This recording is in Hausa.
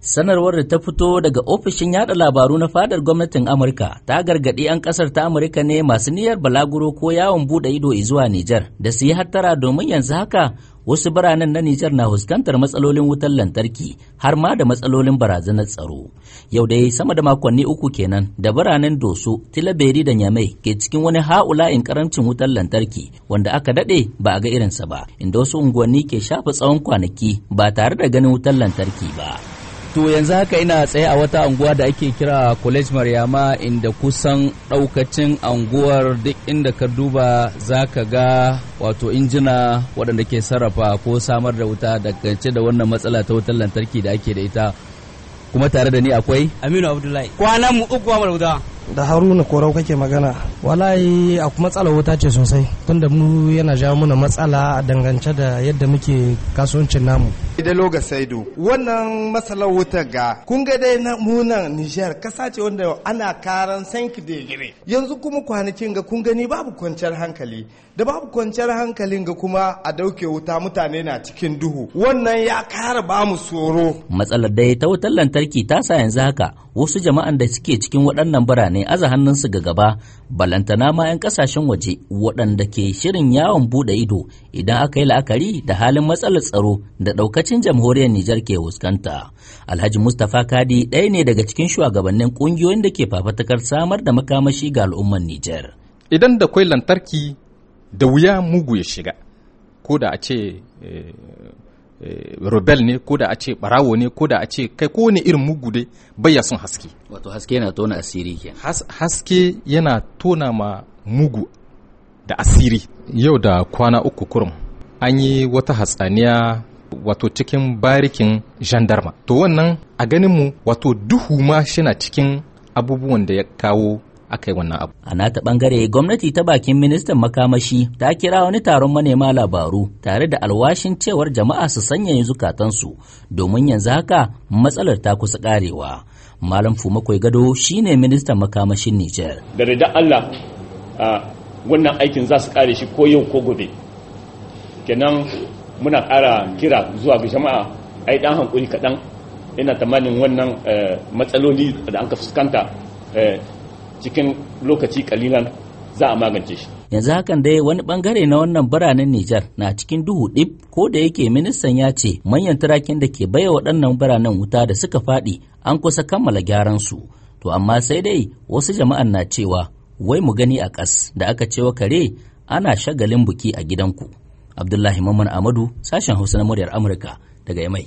sanarwar da ta fito daga ofishin yada labaru na fadar gwamnatin amurka ta gargaɗi 'yan ƙasar ta amurka ne masu niyyar balaguro ko yawon buɗe ido zuwa nijar da su yi hattara domin yanzu haka wasu biranen na nijar na fuskantar matsalolin wutar lantarki har ma da matsalolin barazanar tsaro yau da sama da makonni uku kenan da biranen doso tilaberi da nyamai ke cikin wani in karancin wutar lantarki wanda aka daɗe ba a ga irinsa ba inda wasu unguwanni ke shafa tsawon kwanaki ba tare da ganin wutar lantarki ba to yanzu haka ina tsaye a wata anguwa da ake kira college maryama inda kusan daukacin anguwar duk inda ka duba za ka ga wato injina waɗanda ke sarrafa ko samar da wuta dangance da wannan matsala ta wutar lantarki da ake da ita kuma tare da ni akwai aminu abdullahi kwanan mu uku da wuta da haruna korau kake magana wallahi a matsala wuta ce sosai tunda mu yana jawo muna matsala a dangance da yadda muke kasuwancin namu ida loga saido wannan matsalar wuta ga kun ga dai na munan nijar kasa ce wanda ana karan sanki gire yanzu kuma kwanakin ga kun gani babu kwanciyar hankali da babu kwanciyar hankali ga kuma a dauke wuta mutane na cikin duhu wannan ya kara ba mu tsoro matsalar dai ta wutar lantarki ta sa yanzu haka wasu jama'an da suke cikin waɗannan birane aza hannunsu ga gaba kwalantana ma 'yan kasashen waje waɗanda ke shirin yawon buɗe ido idan aka yi la'akari da halin matsalar tsaro da ɗaukacin jamhuriyar Nijar ke fuskanta. Alhaji Mustapha Kadi ɗaya ne daga cikin shugabannin ƙungiyoyin da ke fafatakar samar da makamashi ga al'ummar Nijar. Idan da kwai lantarki da wuya mugu ya shiga, ko da a ce eh, Eh, rebel ne ko da a ce barawo ne ko da a ce kai ko wani irin mugu dai bayya sun haske wato haske yana tona asiri ke haske yana tona ma mugu da asiri yau da kwana uku kurum an yi wata hatsaniya wato cikin barikin gendarma to wannan a ganin mu wato duhu ma na cikin abubuwan da ya kawo aka yi wannan abu. A nata bangare gwamnati ta bakin ministan makamashi ta kira wani taron manema labaru tare da alwashin cewar jama'a su sanya zukatansu domin yanzu haka matsalar ta kusa karewa. Malam Fumakwai Gado shine ministan makamashin Nijar. Da da Allah wannan aikin za su kare shi ko yau ko gobe. Kenan muna kara kira zuwa ga jama'a ai dan hankuri kaɗan ina tamanin wannan eh, matsaloli da an ka fuskanta eh, cikin lokaci kalilan za a magance shi yanzu hakan dai wani bangare na wannan biranen Nijar na cikin duhu ɗib ko da yake ministan ya ce manyan turakin da ke baiwa waɗannan biranen wuta da suka faɗi an kusa kammala gyaran su to amma sai dai wasu jama'an na cewa wai mu gani a ƙas da aka cewa kare ana shagalin buki a gidanku abdullahi mamman amadu sashen hausa na muryar amurka daga yamai